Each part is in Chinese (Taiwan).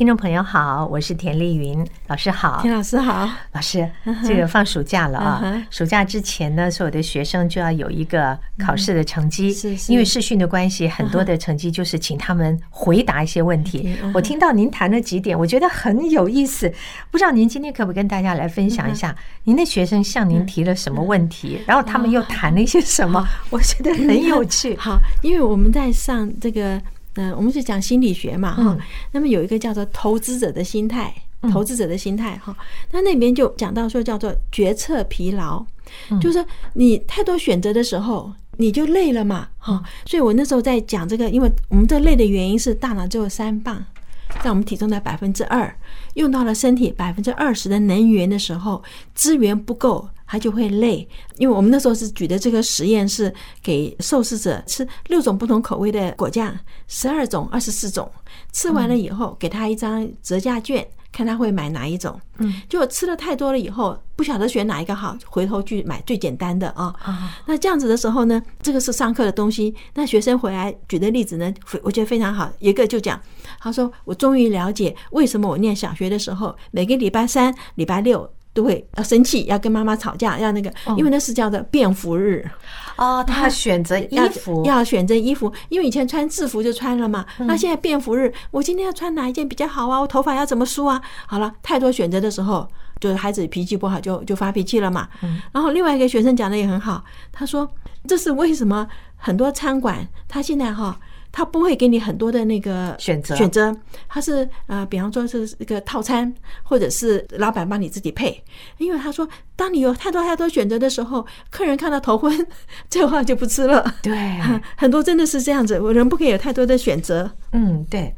聽眾朋友好，我是田麗雲，老師好，田老師好，老師，這個放暑假了啊、嗯嗯，暑假之前呢，所有的學生就要有一個考試的成績，因為視訊的關係，很多的成績就是請他們回答一些問題。我聽到您談了幾點，我覺得很有意思，不知道您今天可不可以跟大家來分享一下您的學生向您提了什麼問題，然後他們又談了一些什麼，我覺得很有趣、嗯。好，因為我們在上這個。嗯，我們是講心理學嘛，哈、嗯，那麼有一個叫做投資者的心態，嗯、投資者的心態哈、嗯，那那邊就講到說叫做決策疲勞，嗯、就是說你太多選擇的時候你就累了嘛，哈、嗯，所以我那時候在講這個，因為我們這累的原因是大腦只有三磅，佔我們體重的百分之二，用到了身體百分之二十的能源的時候，資源不夠，它就會累。因為我們那時候是舉的這個實驗，是給受試者吃六種不同口味的果醬，十二種、二十四種，吃完了以後，給他一張折價券。嗯看他會買哪一種，嗯，就我吃了太多了以後，不曉得選哪一個好，回頭去買最簡單的啊。那這樣子的時候呢，這個是上課的東西，那學生回來舉的例子呢，我覺得非常好。一個就講，他說我終於了解為什麼我念小學的時候，每個禮拜三、禮拜六。會要生氣，要跟媽媽吵架，要那個，因為那是叫做便服日啊、哦，他選擇衣服，要，要選擇衣服，因為以前穿制服就穿了嘛，嗯、那現在便服日，我今天要穿哪一件比較好啊？我頭髮要怎麼梳啊？好了，太多選擇的時候，就是孩子脾氣不好就，就就發脾氣了嘛、嗯。然後另外一個學生講的也很好，他說這是為什麼很多餐館他現在哈。他不會給你很多的那個選擇，選擇他是呃，比方說是一個套餐，或者是老闆幫你自己配，因為他說，當你有太多太多選擇的時候，客人看到頭昏， 這話就不吃了。對啊，很多真的是這樣子，人不可以有太多的選擇。嗯，對。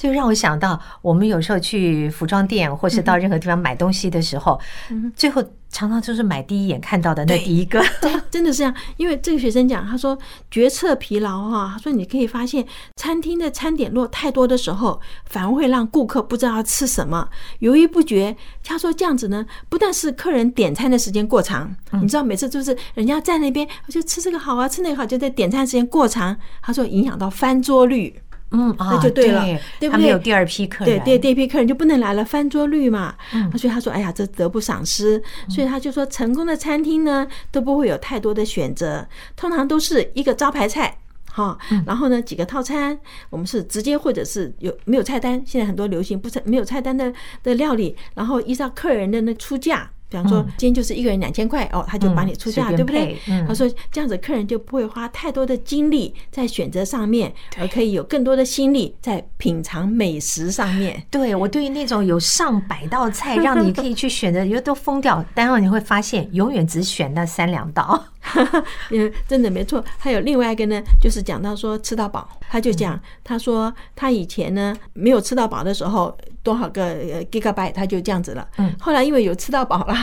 就讓我想到，我們有時候去服裝店，或是到任何地方買東西的時候、嗯，最後常常就是買第一眼看到的那第一個。對，真的是這樣。因為這個學生講，他說決策疲勞哈、啊，他說你可以發現，餐廳的餐點落太多的時候，反而會讓顧客不知道要吃什麼，猶豫不決。他說這樣子呢，不但是客人點餐的時間過長、嗯，你知道每次就是人家站在那邊就吃這個好啊，吃那個好，就在點餐時間過長。他說影響到翻桌率。嗯、啊，那就對了，對，對不對？他們有第二批客人，對，第第一批客人就不能來了，翻桌率嘛、嗯。所以他說，哎呀，這得不償失。所以他就說，成功的餐廳呢都不會有太多的選擇、嗯，通常都是一個招牌菜，哈，然後呢幾個套餐。我們是直接或者是有沒有菜單？現在很多流行不是沒有菜單的的料理，然後依照客人的那出價。比方說，今天就是一個人兩千塊哦，他就幫你出價，對不對？嗯嗯，他說這樣子客人就不會花太多的精力在選擇上面，而可以有更多的心力在品嘗美食上面。對，我對於那種有上百道菜讓你可以去選擇，因 為都瘋掉，但是你會發現永遠只選那三兩道。哈嗯，真的沒錯。還有另外一個呢，就是講到說吃到飽，他就講，他說他以前呢沒有吃到飽的時候，多少個 Gigabyte 他就這樣子了。後來因為有吃到飽了，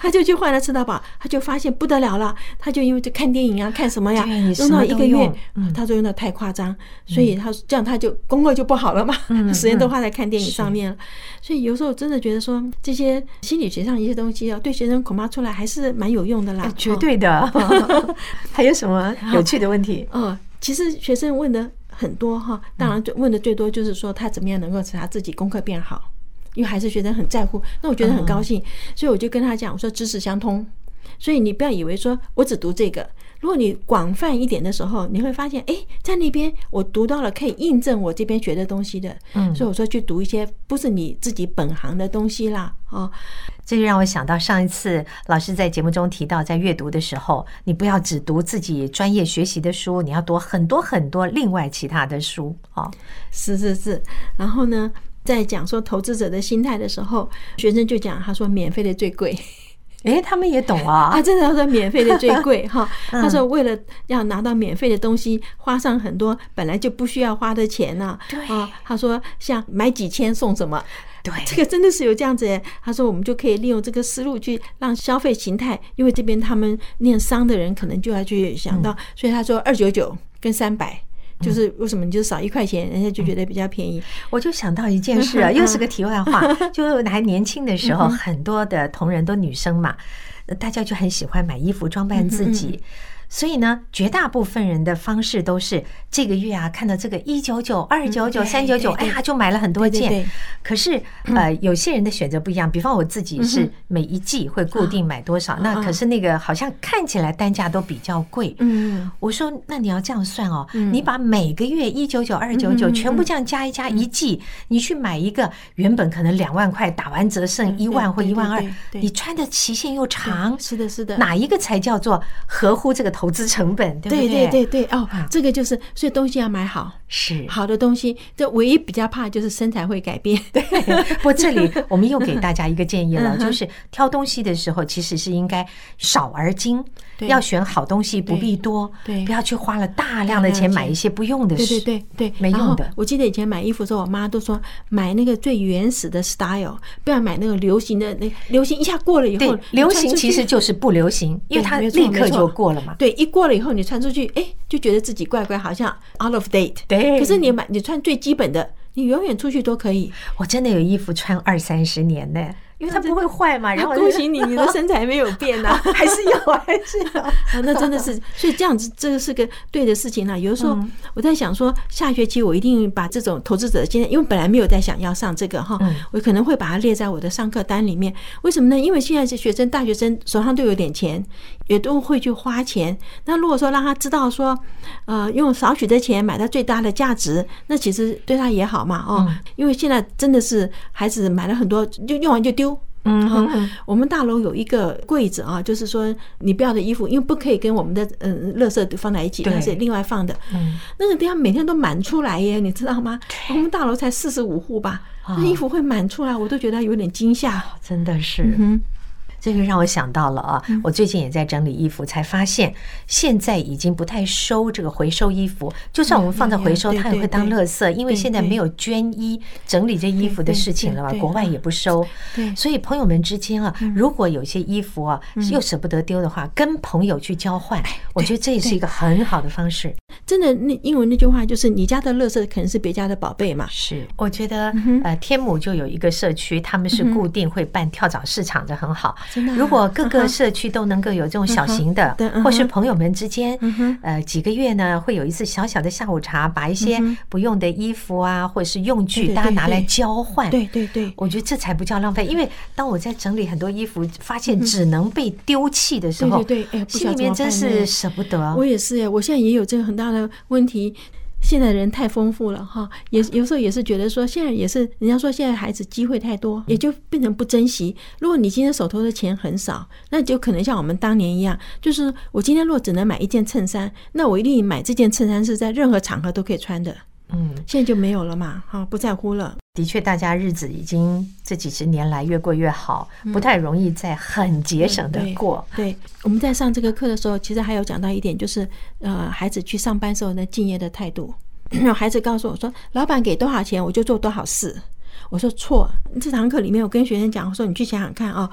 他就去換了吃到飽，他就發現不得了了。他就因為就看電影啊，看什麼呀、啊，用到一個月，他說用的太誇張，所以他說這樣他就功課就不好了嘛，時間都花在看電影上面了。所以有時候我真的覺得說這些心理學上一些東西啊，對學生恐怕出來還是蠻有用的啦。絕對的。 還有什麼有趣的問題？嗯、哦，其實學生問的很多哈，當然最問的最多就是說他怎麼樣能夠使他自己功課變好，因為還是學生很在乎。那我覺得很高興，所以我就跟他講，我說知識相通，所以你不要以為說我只讀這個。如果你廣泛一點的時候，你會發現，哎、欸，在那邊我讀到了可以印證我這邊學的東西的，嗯，所以我說去讀一些不是你自己本行的東西啦，哦，這就讓我想到上一次老師在節目中提到，在閱讀的時候，你不要只讀自己專業學習的書，你要讀很多很多另外其他的書，哦，是是是，然後呢，在講說投資者的心態的時候，學生就講，他說免費的最貴。哎，他們也懂啊！他真的他說免費的最貴哈、 嗯，他說為了要拿到免費的東西，花上很多本來就不需要花的錢呢、啊。對啊，他說像買幾千送什麼？對，這個真的是有這樣子。他說我們就可以利用這個思路去讓消費形態，因為這邊他們念商的人可能就要去想到，所以他說二九九跟三百。就是為什麼你就少一塊錢，人家就覺得比較便宜？嗯。我就想到一件事啊， 又是個題外話。就我還年輕的時候，很多的同仁都女生嘛，大家就很喜歡買衣服裝扮自己、嗯。嗯嗯所以呢，絕大部分人的方式都是這個月啊，看到這個一九九、二九九、三九九，哎呀，就買了很多件。可是，呃，有些人的選擇不一樣。比方我自己是每一季會固定買多少。那可是那個好像看起來單價都比較貴。嗯，我說那你要這樣算哦，你把每個月一九九、二九九全部這樣加一加一季，你去買一個原本可能兩萬塊打完折剩一萬或一萬二，你穿的期限又長。是的，是的。哪一個才叫做合乎這個？投資成本，對不對？對對對對，哦，啊、這個就是，所以東西要買好。是好的東西，這唯一比較怕就是身材會改變。對， 不，這裡我們又給大家一個建議了， 嗯、就是挑東西的時候其實是應該少而精，對，要選好東西，不必多，對對，不要去花了大量的錢買一些不用的東西。對，對對對，沒用的。我記得以前買衣服的時候，我媽都說買那個最原始的 style，不要買那個流行的那個、流行一下過了以後，對，流行其實就是不流行，因為它立刻就過了嘛。對，對一過了以後你穿出去，哎、欸，就覺得自己怪怪，好像 out of date。對。可是你買你穿最基本的，你永遠出去都可以。我真的有衣服穿二三十年呢，因為它不會壞嘛。然後我恭喜你，你的身材沒有變呢、啊， 還是有，還是有。 那真的是，所以這樣子這個是個對的事情了、啊。有的時候我在想說，下學期我一定把這種投資者的經驗，因為本來沒有在想要上這個哈，我可能會把它列在我的上課單裡面。為什麼呢？因為現在是學生，大學生手上都有點錢。也都會去花錢。那如果說，讓他知道說，呃，用少許的錢買到最大的價值，那其實對他也好嘛哦，哦、嗯。因為現在真的是孩子買了很多，就用完就丟嗯、啊。嗯。我們大樓有一個櫃子啊，就是說你不要的衣服，因為不可以跟我們的嗯垃圾放在一起，對、還是另外放的。嗯。那個地方每天都滿出來耶，你知道嗎？我們大樓才四十五戶吧、哦，那衣服會滿出來，我都覺得有點驚嚇，哦、真的是。嗯這個讓我想到了啊，我最近也在整理衣服，才發現現在已經不太收這個回收衣服。就算我們放在回收，它也會當垃圾，因為現在沒有捐衣整理這衣服的事情了吧？國外也不收，所以朋友們之間啊，如果有些衣服啊又捨不得丟的話，跟朋友去交換，我覺得這也是一個很好的方式。啊啊、真的，那因為那句話就是你家的垃圾可能是別家的寶貝嘛。是，我覺得呃，天母就有一個社區，他們是固定會辦跳蚤市場的，很好。如果各個社區都能夠有這種小型的，或是朋友們之間，呃，幾個月呢會有一次小小的下午茶，把一些不用的衣服啊，或者是用具，大家拿來交換。對對對，我覺得這才不叫浪費。因為當我在整理很多衣服，發現只能被丟棄的時候，心裡面真是舍不得。我也是哎，我現在也有這個很大的問題。現在人太豐富了哈，也有時候也是覺得說，現在也是人家說現在孩子機會太多，也就變成不珍惜。如果你今天手頭的錢很少，那就可能像我們當年一樣，就是我今天如果只能買一件襯衫，那我一定買這件襯衫是在任何場合都可以穿的。嗯，現在就沒有了嘛，哈，不在乎了。的確，大家日子已經這幾十年來越過越好，不太容易再很節省的過，嗯對對。對，我們在上這個課的時候，其實還有講到一點，就是呃，孩子去上班時候那敬業的態度。 孩子告訴我說：“老板給多少錢，我就做多少事。”我說錯。這堂課裡面，我跟學生講，我說你去想想看啊，哦，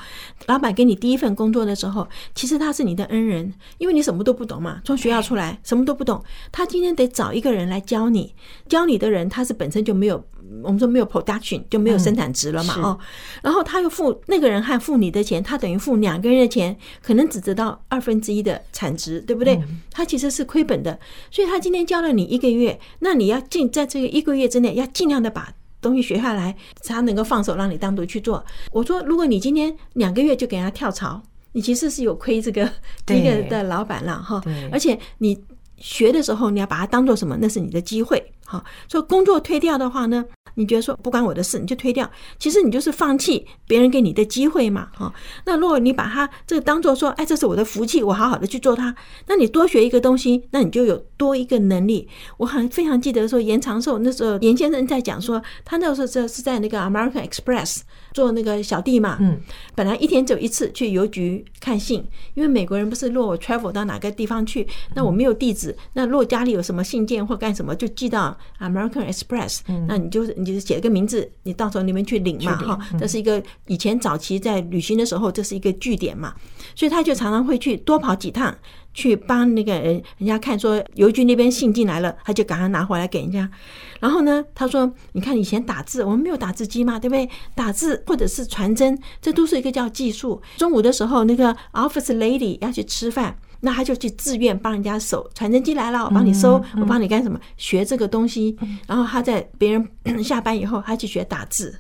老板給你第一份工作的時候，其實他是你的恩人，因為你什麼都不懂嘛，從學校出來什麼都不懂，他今天得找一個人來教你，教你的人他是本身就沒有。我們說沒有 production 就沒有生產值了嘛，哦，然後他又付那個人還付你的錢，他等於付兩個月的錢，可能只得到二分之一的產值，對不對？他其實是虧本的，所以他今天教了你一個月，那你要盡在這個一個月之內，要盡量的把東西學下來，才能夠放手讓你單獨去做。我說，如果你今天兩個月就給人家跳槽，你其實是有愧這個第一個的老闆了哈，而且你學的時候，你要把它當做什麼？那是你的機會。好，說工作推掉的話呢？你覺得說不關我的事，你就推掉？其實你就是放棄別人給你的機會嘛。哈、哦，那如果你把他這個當做說，哎，這是我的福氣，我好好的去做它。那你多學一個東西，那你就有多一個能力。我很非常記得說，嚴長壽那時候，嚴先生在講說，他那時候這是在那個 American Express 做那個小弟嘛。嗯。本來一天只有一次去郵局看信，因為美國人不是若我 travel 到哪個地方去，那我沒有地址，那若家裡有什麼信件或幹什麼，就寄到。American Express，嗯，那你就是你就是寫個名字，你到時候你們去領嘛哈、嗯。這是一個以前早期在旅行的時候，這是一個據點嘛，所以他就常常會去多跑幾趟，去幫那個人人家看說郵局那邊信進來了，他就趕快拿回來給人家。然後呢，他說：“你看以前打字，我們沒有打字機嘛，對不對？打字或者是傳真，這都是一個叫技術。中午的時候，那個 Office Lady 要去吃飯。”那他就去自願幫人家收傳真機來了，我幫你收，我幫你幹什麼？學這個東西，然後他在別人下班以後，他去學打字。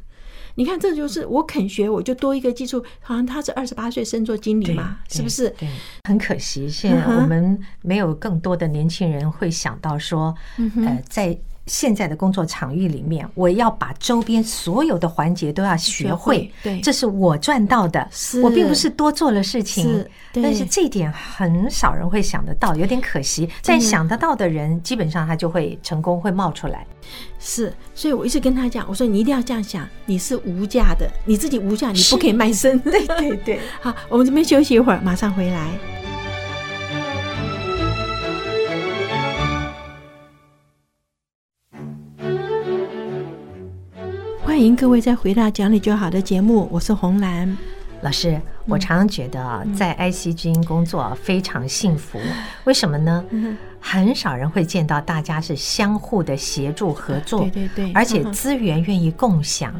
你看，這就是我肯學，我就多一個技術。好像他是二十八歲升做經理嘛，是不是？對，對，很可惜，現在我們沒有更多的年輕人會想到說，呃，在。現在的工作場域裡面，我要把周邊所有的環節都要學會，學會。對，這是我賺到的。我並不是多做了事情，是，對，但是這點很少人會想得到，有點可惜。在想得到的人，基本上他就會成功，嗯，會冒出來。是，所以我一直跟他講，我說你一定要這樣想，你是無價的，你自己無價，你不可以賣身。對，對對。 好，我們這邊休息一會兒，馬上回來。歡迎各位再回到《講理就好》的節目，我是洪蘭。老師，我常常覺得啊，在 IC 之音工作非常幸福，為什麼呢？很少人會見到大家是相互的協助合作，對對對，而且資源願意共享。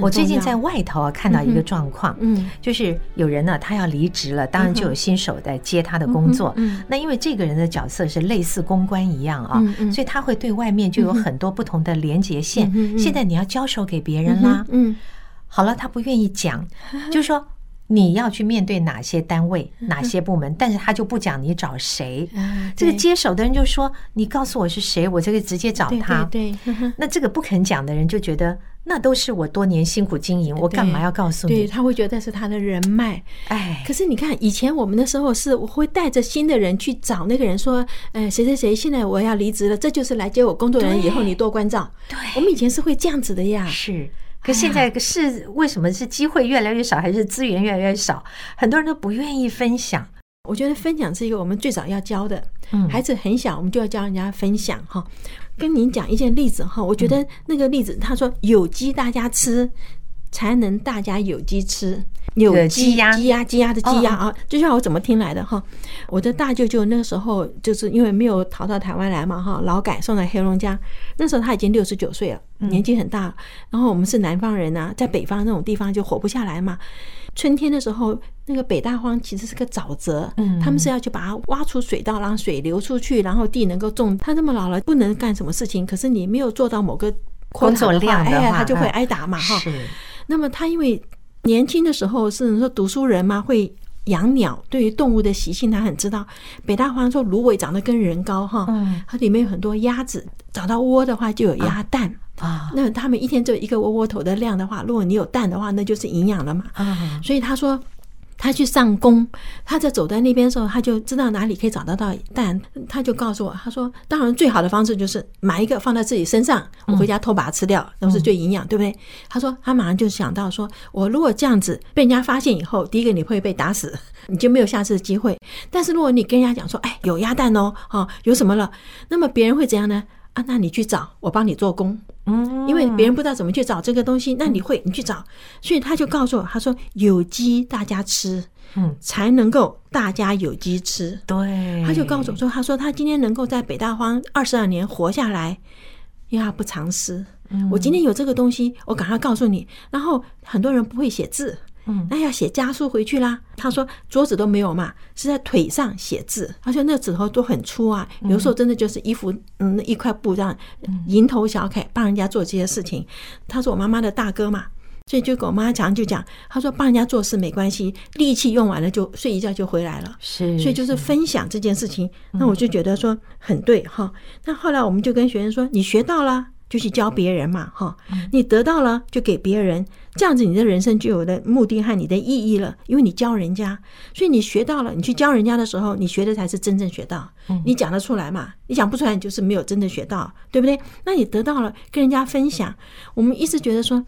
我最近在外頭看到一個狀況，嗯，就是有人呢，他要離職了，當然就有新手在接他的工作。嗯，那因為這個人的角色是類似公關一樣啊，所以他會對外面就有很多不同的連接線。現在你要交手給別人啦，嗯。好了，他不願意講，就是說你要去面對哪些單位、哪些部門，但是他就不講你找誰。這個接手的人就說：“你告訴我是誰，我就可以直接找他。”對，那這個不肯講的人就覺得，那都是我多年辛苦經營，我幹嘛要告訴你？對，他會覺得是他的人脈。哎，可是你看以前我們的時候是，我會帶着新的人去找那個人說：“嗯，誰誰誰現在我要離職了，這就是來接我工作的人，以後你多關照。”對，我們以前是會這樣子的呀。是。可現在是為什麼是機會越來越少，還是資源越來越少？很多人都不願意分享。我覺得分享是一個我們最早要教的，孩子很小我們就要教人家分享哈。跟您講一件例子哈，我覺得那個例子他說，有雞大家吃。才能大家有雞吃，有雞鴨，雞鴨雞鴨,鴨,鴨,鴨,鴨,鴨的雞鴨,鴨啊、oh.！就像我怎麼聽來的哈，我的大舅舅那個時候就是因為沒有逃到台灣來嘛哈，勞改送到黑龍江，那時候他已經六十九歲了，年紀很大，嗯。然後我們是南方人吶，啊，在北方那種地方就活不下來嘛。春天的時候，那個北大荒其實是個沼澤，他們是要去把它挖出水道，讓水流出去，然後地能夠種。他這麼老了，不能幹什麼事情，可是你沒有做到某個工作量，哎呀，他就會挨打嘛，啊，哈。那麼他因為年輕的時候是說讀書人嘛，會養鳥，對於動物的習性他很知道。北大荒說蘆葦長得跟人高哈，嗯，它裡面有很多鴨子，找到窩的話就有鴨蛋啊，嗯。那他們一天就一個窩窩頭的量的話，如果你有蛋的話，那就是營養了嘛。所以他說，他去上工，他在走在那邊的時候，他就知道哪裡可以找得到蛋，他就告訴我，他說，當然最好的方式就是買一個放在自己身上，我回家偷把它吃掉，那、嗯、是最營養，對不對？他說，他馬上就想到說，我如果這樣子被人家發現以後，第一個你會被打死，你就沒有下次的機會。但是如果你跟人家講說，哎，有鴨蛋哦，啊、哦，有什麼了？那麼別人會怎樣呢？啊，那你去找我幫你做工。嗯，因為別人不知道怎麼去找這個東西，那你會你去找，所以他就告訴我，他說有雞大家吃，嗯，才能夠大家有雞吃。嗯、對，他就告訴我說，他說他今天能夠在北大荒二十二年活下來，因為他不藏私。嗯，我今天有這個東西，我趕快告訴你。然後很多人不會寫字。嗯，那要寫家書回去啦。他說桌子都沒有嘛，是在腿上寫字。他說那紙頭都很粗啊，有時候真的就是衣服，嗯，一塊布這樣，蠅頭小楷幫人家做這些事情。他說我媽媽的大哥嘛，所以就跟我媽講就講，他說幫人家做事沒關係，力氣用完了就睡一覺就回來了。是，是，所以就是分享這件事情，那我就覺得說很對哈。那後來我們就跟學生說，你學到了。就去教別人嘛，哈，你得到了就給別人，這樣子你的人生就有的目的和你的意義了，因為你教人家，所以你學到了。你去教人家的時候，你學的才是真正學到，你講得出來嘛？你講不出來，你就是沒有真的學到，對不對？那你得到了跟人家分享，我們一直覺得說，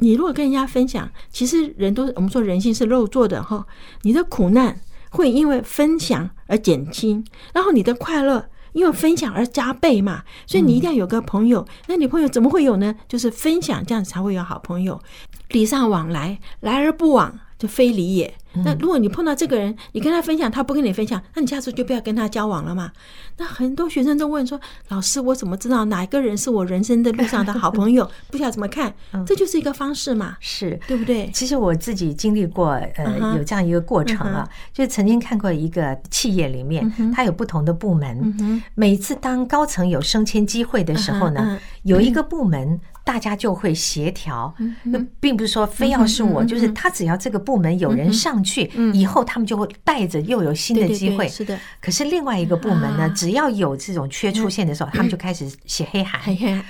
你如果跟人家分享，其實人都是我們說人性是肉做的哈，你的苦難會因為分享而減輕，然後你的快樂因為分享而加倍嘛，所以你一定要有個朋友。嗯、那你朋友怎麼會有呢？就是分享，這樣才會有好朋友。禮尚往來，來而不往就非禮也。那如果你碰到這個人，你跟他分享，他不跟你分享，那你下次就不要跟他交往了嘛。那很多學生都問說：“老師，我怎麼知道哪一個人是我人生的路上的好朋友？ 不曉得怎麼看。”這就是一個方式嘛，是對不對？其實我自己經歷過，呃，uh -huh, 有這樣一個過程啊，uh -huh, 就是曾經看過一個企業裡面，uh -huh, 它有不同的部門，uh -huh, 每次當高層有升遷機會的時候呢。Uh -huh, uh -huh. 有一個部門，大家就會協調。那並不是說非要是我，就是他。只要這個部門有人上去，以後他們就會帶着又有新的機會。是的。可是另外一個部門呢，只要有這種缺出現的時候，他們就開始寫黑函。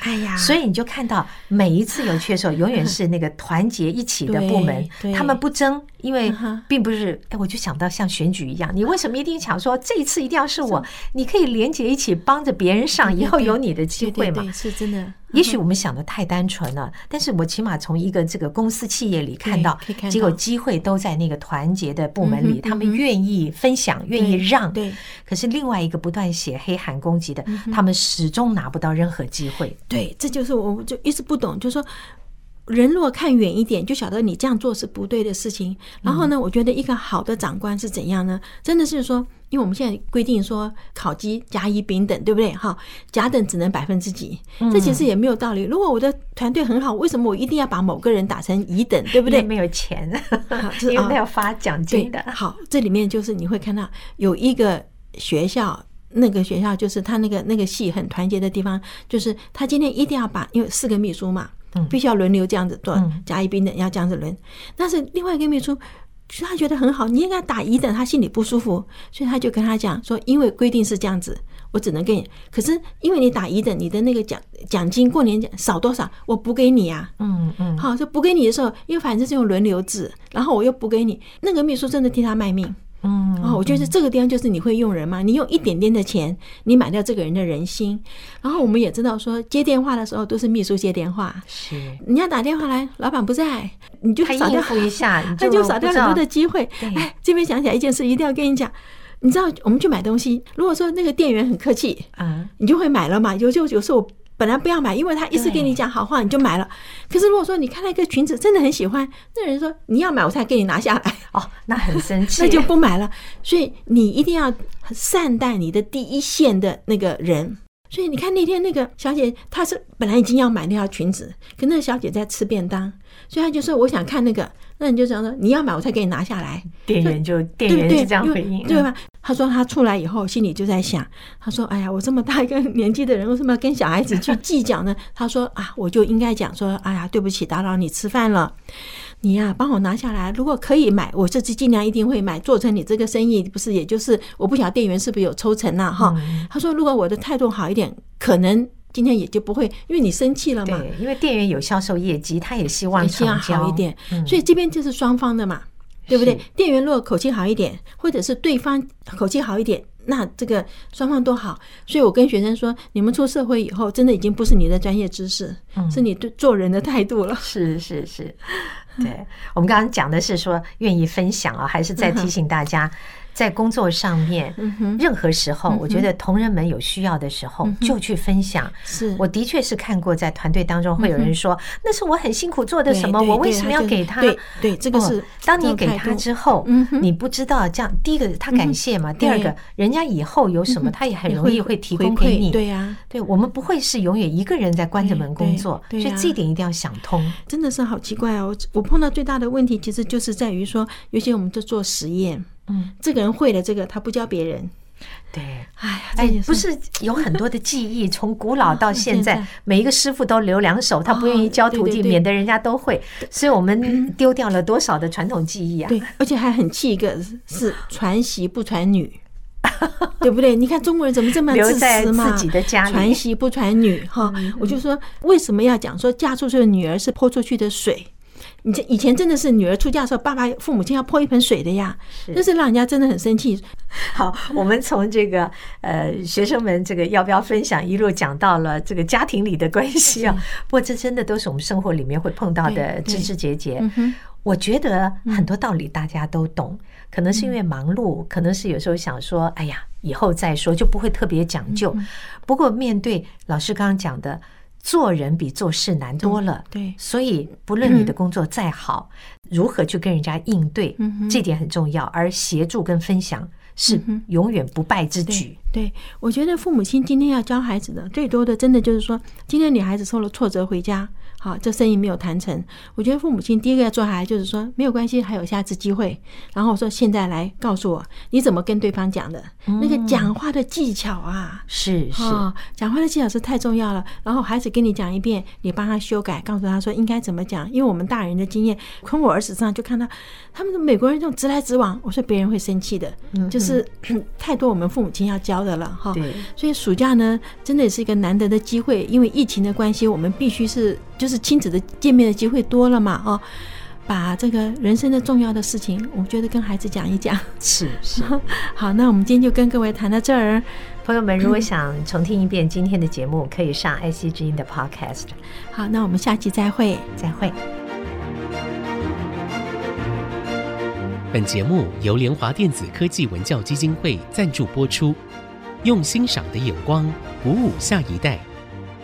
哎呀！所以你就看到每一次有缺的時候，永遠是那個團結一起的部門，他們不爭。因為並不是，哎，我就想到像選舉一樣，你為什麼一定想說這一次一定要是我？你可以，一一你可以連結一起幫着別人上，以後有你的機會嘛？是真的。也許我們想的太單純了，但是我起碼從一個這個公司企業裡看到，結果機會都在那個團結的部門裡，他們願意分享，願意讓。對。可是另外一個不斷寫黑函攻擊的，他們始終拿不到任何機會。Uh -huh. 對，這就是我就一直不懂，就是說。人若看遠一點，就曉得你這樣做是不對的事情。然後呢，我覺得一個好的長官是怎樣呢？真的是說，因為我們現在規定說烤，考績甲乙丙等，對不對？哈，甲等只能百分之幾，嗯、這其實也沒有道理。如果我的團隊很好，為什麼我一定要把某個人打成乙等？對不對？沒有錢，就是啊，因為沒有發獎金的。好，這裡面就是你會看到有一個學校，那個學校就是他那個那個系很團結的地方，就是他今天一定要把，因為四個秘書嘛。必須要輪流這樣子做，甲乙丙等要這樣子輪。但是另外一個秘書，他覺得很好，你應該打乙等，他心裡不舒服，所以他就跟他講說，因為規定是這樣子，我只能給你。可是因為你打乙等，你的那個獎獎金過年獎少多少，我補給你啊。嗯嗯，好，就補給你的時候，因為反正是用輪流制，然後我又補給你。那個秘書真的替他賣命。嗯，然後我覺得這個地方，就是你會用人嘛，你用一點點的錢，你買掉這個人的人心。然後我們也知道說，接電話的時候都是秘書接電話，是你要打電話來，老闆不在，你就可以應付一下，那就少掉很多的機會。哎，這邊想起來一件事，一定要跟你講，你知道我們去買東西，如果說那個店員很客氣，啊、嗯，你就會買了嘛。有就有時候本來不要買，因為他一直跟你講好話，你就買了。可是如果說你看到一個裙子真的很喜歡，那人說你要買我才給你拿下來哦，那很生氣， 那就不買了。所以你一定要善待你的第一線的那個人。所以你看那天那個小姐，她是本來已經要買那條裙子，可那個小姐在吃便當，所以她就說：“我想看那個。”那你就這樣說：“你要買我才給你拿下來。店員店員”店員就店員是這樣回應，對吧？她說她出來以後心裡就在想：“她說哎呀，我這麼大一個年紀的人，為什麼要跟小孩子去計較呢？” 她說：“啊，我就應該講說，哎呀，對不起，打擾你吃飯了。”你呀、啊，幫我拿下來。如果可以買，我這次儘量一定會買。做成你這個生意，不是也就是我不曉得店員是不是有抽成呐、啊？哈、嗯，他說如果我的態度好一點，可能今天也就不會，因為你生氣了嘛。對，因為店員有銷售業績，他也希望這樣好一點。嗯、所以這邊就是雙方的嘛，對不對？店員如果口氣好一點，或者是對方口氣好一點。那這個雙方多好，所以我跟學生說，你們出社會以後，真的已經不是你的專業知識，是你對做人的態度了。嗯。是是是，對，我們剛剛講的是說願意分享啊，還是再提醒大家。在工作上面，任何時候，我覺得同仁們有需要的時候就去分享。是我的確是看過，在團隊當中會有人說：“那是我很辛苦做的什麼，我為什麼要給他？”對，這個是當你給他之後，你不知道這樣。第一個他感謝嘛，第二個人家以後有什麼，他也很容易會提供給你。對呀，對我們不會是永遠一個人在關着門工作，所以這一點一定要想通。真的是好奇怪哦！我碰到最大的問題其實就是在於說，尤其我們在做實驗。嗯，這個人會了這個，他不教別人。對，哎哎，不是有很多的技藝， 從古老到現在、哦、現在，每一個師傅都留兩手，他不願意教徒弟，免得人家都會。所以我們丟掉了多少的傳統技藝啊！嗯、對，而且還很氣，一個是傳媳不傳女， 對不對？你看中國人怎麼這麼自私嘛？在自己的家裡傳媳不傳女哈、哦嗯，我就說為什麼要講說嫁出去的女兒是潑出去的水？以前以前真的是女兒出嫁的時候，爸爸父母親要潑一盆水的呀，就是，是讓人家真的很生氣。好， 我們從這個呃學生們這個要不要分享一路講到了這個家庭裡的關係啊，不過這真的都是我們生活裡面會碰到的枝枝節節。我覺得很多道理大家都懂，可能是因為忙碌、嗯，可能是有時候想說，哎呀，以後再說就不會特別講究、嗯。不過面對老師剛剛講的。做人比做事難多了，嗯、對，所以不論你的工作再好，嗯，如何去跟人家應對、嗯，這點很重要。而協助跟分享是永遠不敗之舉。嗯、對、對，我覺得父母親今天要教孩子的最多的，真的就是說，今天女孩子受了挫折回家。啊，這生意沒有談成，我覺得父母親第一個要做啥就是說，沒有關係，還有下次機會。然後我說現在來告訴我，你怎麼跟對方講的、嗯，那個講話的技巧啊，是是。哦，講話的技巧是太重要了。然後孩子跟你講一遍，你幫他修改，告訴他說應該怎麼講。因為我們大人的經驗，從我兒子上就看到，他們的美國人這種直來直往，我說別人會生氣的，嗯、就是、嗯、太多我們父母親要教的了哈、哦。對，所以暑假呢，真的也是一個難得的機會，因為疫情的關係，我們必須是。就是親子的見面的機會多了嘛，哦，把這個人生的重要的事情，我覺得跟孩子講一講。是是。 好，那我們今天就跟各位談到這兒。朋友們，如果想重聽一遍今天的節目，可以上 IC 之音的 Podcast。嗯。好，那我們下期再會，再會。本節目由聯華電子科技文教基金會贊助播出，用欣賞的眼光鼓舞下一代。